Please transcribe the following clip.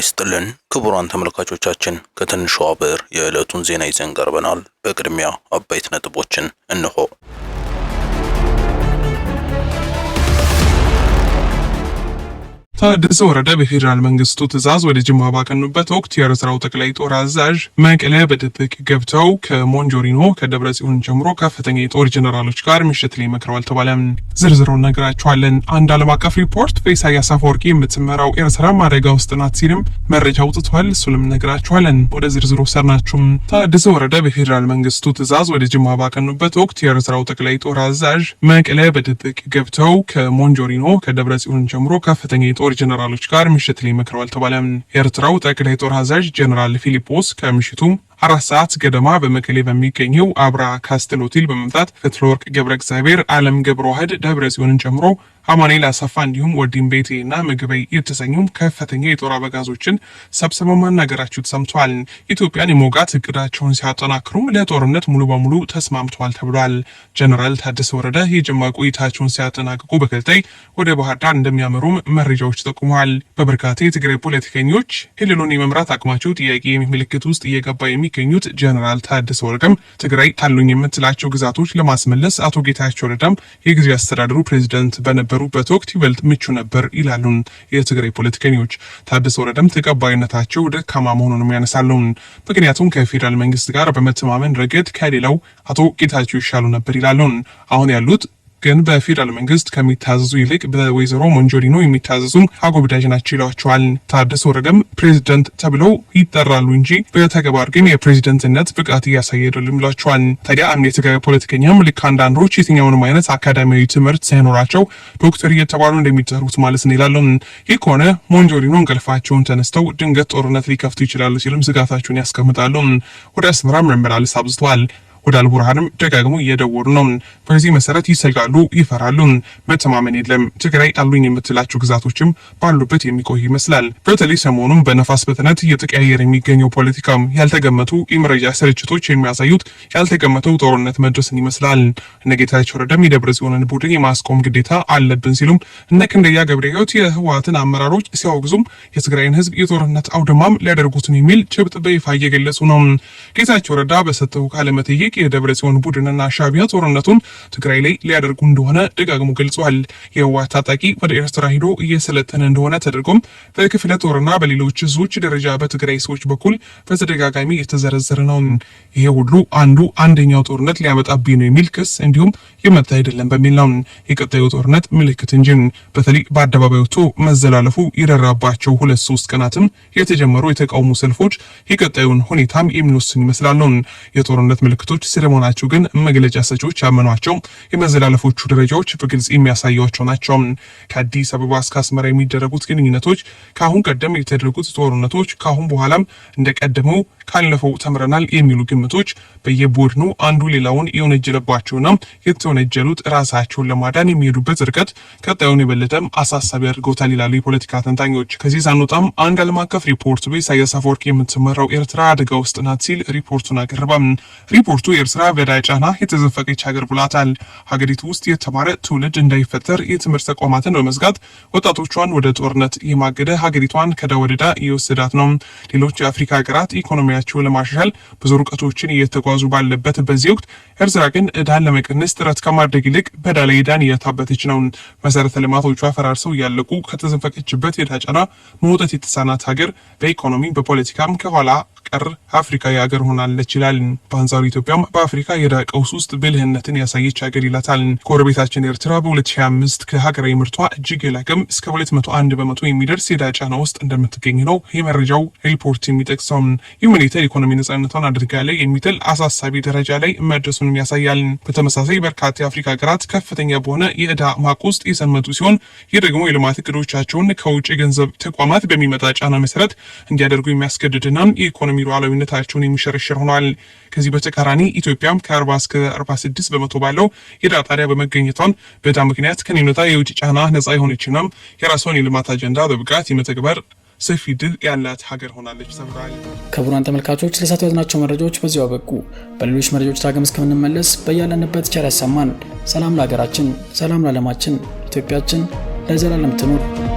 ይስጥልን ክቡራን ተመልካቾቻችን፣ ከትንሿ ብዕር የዕለቱን ዜና ይዘን ቀርበናል። በቅድሚያ አበይት ነጥቦችን እንሆ ታደሰ ወረደ በፌዴራል መንግስቱ ትዕዛዝ ወደ ጅማ ባቀኑበት ወቅት የኤርትራው ጠቅላይ ጦር አዛዥ መቀለ በድብቅ ገብተው ከሞንጆሪኖ ከደብረ ጽዮን ጀምሮ ከፍተኛ የጦር ጀነራሎች ጋር ምሽት ላይ መክረዋል ተባለም። ዝርዝሩን ነግራችኋለን። አንድ ዓለም አቀፍ ሪፖርት በኢሳያስ አፈወርቂ የምትመራው ኤርትራም አደጋ ውስጥ ናት ሲልም መረጃ አውጥቷል። እሱንም ነግራችኋለን። ወደ ዝርዝሩ ሰርናችሁም ታደሰ ወረደ በፌዴራል መንግስቱ ትእዛዝ ወደ ጅማ ባቀኑበት ወቅት የኤርትራው ጠቅላይ ጦር አዛዥ መቀለ በድብቅ ገብተው ከሞንጆሪኖ ከደብረ ጽዮን ጀምሮ ከፍተኛ የጦር የጦር ጀነራሎች ጋር ምሽት ላይ መክረዋል ተባለም። ኤርትራው ጠቅላይ ጦር አዛዥ ጀነራል ፊሊፖስ ከምሽቱ አራት ሰዓት ገደማ በመቀሌ በሚገኘው አብራ ካስትል ሆቴል በመምጣት ፍትለወርቅ ገብረ እግዚአብሔር፣ አለም ገብረ ዋህድ፣ ደብረ ጽዮንን ጨምሮ አማኔል አሰፋ እንዲሁም ወዲም ቤቴ እና ምግበይ የተሰኙም ከፍተኛ የጦር አበጋዞችን ሰብስበው ማናገራቸው ተሰምተዋል። ኢትዮጵያን የሞጋት እቅዳቸውን ሲያጠናክሩም ለጦርነት ሙሉ በሙሉ ተስማምተዋል ተብሏል። ጀነራል ታደሰ ወረደ የጅማ ቆይታቸውን ሲያጠናቅቁ በክልተይ ወደ ባህር ዳር እንደሚያመሩም መረጃዎች ጠቁመዋል። በበርካታ የትግራይ ፖለቲከኞች ክልሉን የመምራት አቅማቸው ጥያቄ ምልክት ውስጥ እየገባ የሚገኙት ጀነራል ታደሰ ወረደም ትግራይ ታሉኝ የምትላቸው ግዛቶች ለማስመለስ አቶ ጌታቸው ረዳም የጊዜ አስተዳደሩ ፕሬዚደንት በነበሩ በነበሩበት ወቅት ይበልጥ ምቹ ነበር ይላሉ የትግራይ ፖለቲከኞች። ታደሰ ወረደም ተቀባይነታቸው ደካማ መሆኑንም ያነሳሉ። ምክንያቱም ከፌዴራል መንግስት ጋር በመተማመን ረገድ ከሌላው አቶ ጌታቸው ይሻሉ ነበር ይላሉ። አሁን ያሉት ግን በፌዴራል መንግስት ከሚታዘዙ ይልቅ በወይዘሮ ሞንጆሪኖ የሚታዘዙ አጎብዳጅ ናቸው ይሏቸዋል። ታደሰ ወረደም ፕሬዚደንት ተብለው ይጠራሉ እንጂ በተግባር ግን የፕሬዚደንትነት ብቃት እያሳየ አይደሉም ይሏቸዋል። ታዲያ አንድ የትግራይ ፖለቲከኛ ልክ አንዳንዶች የትኛውንም አይነት አካዳሚያዊ ትምህርት ሳይኖራቸው ዶክተር እየተባሉ እንደሚጠሩት ማለት ነው ይላሉ። ይህ ከሆነ ሞንጆሪኖ እንቅልፋቸውን ተነስተው ድንገት ጦርነት ሊከፍቱ ይችላሉ ሲልም ስጋታቸውን ያስቀምጣሉ። ወደ አስመራ መመላለስ አብዝተዋል። ወደ አልቡርሃንም ደጋግሞ እየደወሉ ነው። በዚህ መሰረት ይሰጋሉ፣ ይፈራሉ፣ መተማመን የለም። ትግራይ አሉኝ የምትላቸው ግዛቶችም ባሉበት የሚቆይ ይመስላል። በተለይ ሰሞኑም በነፋስ በትነት እየተቀያየረ የሚገኘው ፖለቲካ ያልተገመቱ የመረጃ ስርጭቶች የሚያሳዩት ያልተገመተው ጦርነት መድረስን ይመስላል። እነ ጌታቸው ረዳም የደብረ ጽዮንን ቡድን የማስቆም ግዴታ አለብን ሲሉም እነ ክንደያ ገብረ ሕይወት የህወሓትን አመራሮች ሲያወግዙም የትግራይን ህዝብ የጦርነት አውድማም ሊያደርጉትን የሚል ጭብጥ በይፋ እየገለጹ ነው። ጌታቸው ረዳ በሰጠው ቃለ መጠይቅ ሲጠይቅ የደብረ ጽዮን ቡድንና ሻቢያ ጦርነቱን ትግራይ ላይ ሊያደርጉ እንደሆነ ደጋግሞ ገልጿል። የህወሓት ታጣቂ ወደ ኤርትራ ሂዶ እየሰለጠነ እንደሆነ ተደርጎም በክፍለ ጦርና በሌሎች እዞች ደረጃ በትግራይ ሰዎች በኩል በተደጋጋሚ የተዘረዘረ ነው። ይሄ ሁሉ አንዱ አንደኛው ጦርነት ሊያመጣብኝ ነው የሚል ክስ እንዲሁም የመጣ አይደለም በሚል ነው የቀጣዩ ጦርነት ምልክት እንጂ። በተለይ በአደባባይ ወጥቶ መዘላለፉ የደራባቸው ሁለት ሶስት ቀናትም የተጀመሩ የተቃውሞ ሰልፎች የቀጣዩን ሁኔታም የሚወስን ይመስላል ነው የጦርነት ምልክቶች ኃይሎች ስለመሆናቸው ግን መግለጫ ሰጪዎች ያመኗቸው የመዘላለፎቹ ደረጃዎች በግልጽ የሚያሳያቸው ናቸው። ከአዲስ አበባ እስከ አስመራ የሚደረጉት ግንኙነቶች፣ ከአሁን ቀደም የተደረጉት ጦርነቶች፣ ከአሁን በኋላም እንደቀደመው ካለፈው ተምረናል የሚሉ ግምቶች በየቡድኑ አንዱ ሌላውን የወነጀለባቸውና የተወነጀሉት ራሳቸውን ለማዳን የሚሄዱበት ርቀት ቀጣዩን የበለጠም አሳሳቢ አድርገውታል ይላሉ የፖለቲካ ተንታኞች። ከዚህ ሳንወጣም አንድ ዓለም አቀፍ ሪፖርት በኢሳያስ የምትመራው ኤርትራ አደጋ ውስጥ ናት ሲል ሪፖርቱን አቀርባም ሪፖርቱ ሀገሪቱ የኤርትራ በዕዳ ጫና የተዘፈቀች ሀገር ብሏታል። ሀገሪቱ ውስጥ የተማረ ትውልድ እንዳይፈጠር የትምህርት ተቋማትን በመዝጋት ወጣቶቿን ወደ ጦርነት የማገደ ሀገሪቷን ከዳ ወደዳ እየወሰዳት ነው። ሌሎች የአፍሪካ ሀገራት ኢኮኖሚያቸው ለማሻሻል ብዙ ርቀቶችን እየተጓዙ ባለበት በዚህ ወቅት ኤርትራ ግን ዕዳን ለመቀነስ ጥረት ከማድረግ ይልቅ በዕዳ ላይ ዕዳን እያታበተች ነው። መሰረተ ልማቶቿ ፈራርሰው እያለቁ ከተዘፈቀችበት የዕዳ ጫና መውጣት የተሳናት ሀገር በኢኮኖሚ በፖለቲካም ከኋላ ቀር አፍሪካ የአገር ሆናለች ይላል። በአንጻሩ ኢትዮጵያም በአፍሪካ የዕዳ ቀውስ ውስጥ ብልህነትን ያሳየች ሀገር ይላታል። ጎረቤታችን ኤርትራ በ2025 ከሀገራዊ ምርቷ እጅግ የላቅም እስከ 201 በመቶ የሚደርስ የዕዳ ጫና ውስጥ እንደምትገኝ ነው የመረጃው ሪፖርት የሚጠቅሰው። ይህም ሁኔታ ነጻነቷን አደጋ ላይ የሚጥል አሳሳቢ ደረጃ ላይ መድረሱንም ያሳያል። በተመሳሳይ በርካታ የአፍሪካ ሀገራት ከፍተኛ በሆነ የዕዳ ማቅ ውስጥ የሰመጡ ሲሆን ይህ ደግሞ የልማት እቅዶቻቸውን ከውጭ የገንዘብ ተቋማት በሚመጣ ጫና መሰረት እንዲያደርጉ የሚያስገድድናም የኢኮኖሚ የሚሉ ሉዓላዊነታቸውን የሚሸረሸር ሆኗል። ከዚህ በተቃራኒ ኢትዮጵያም ከ40 እስከ 46 በመቶ ባለው የዕዳ ጣሪያ በመገኘቷን በዕዳ ምክንያት ከኔነታ የውጭ ጫና ነጻ የሆነችና የራሷን የልማት አጀንዳ በብቃት የመተግበር ሰፊ ድል ያላት ሀገር ሆናለች ተብሏል። ክቡራን ተመልካቾች ለሳት ያዝናቸው መረጃዎች በዚሁ አበቁ። በሌሎች መረጃዎች ዳግም እስከምንመለስ በያለንበት ቸር ያሰማን። ሰላም ለሀገራችን፣ ሰላም ለዓለማችን። ኢትዮጵያችን ለዘላለም ትኑር።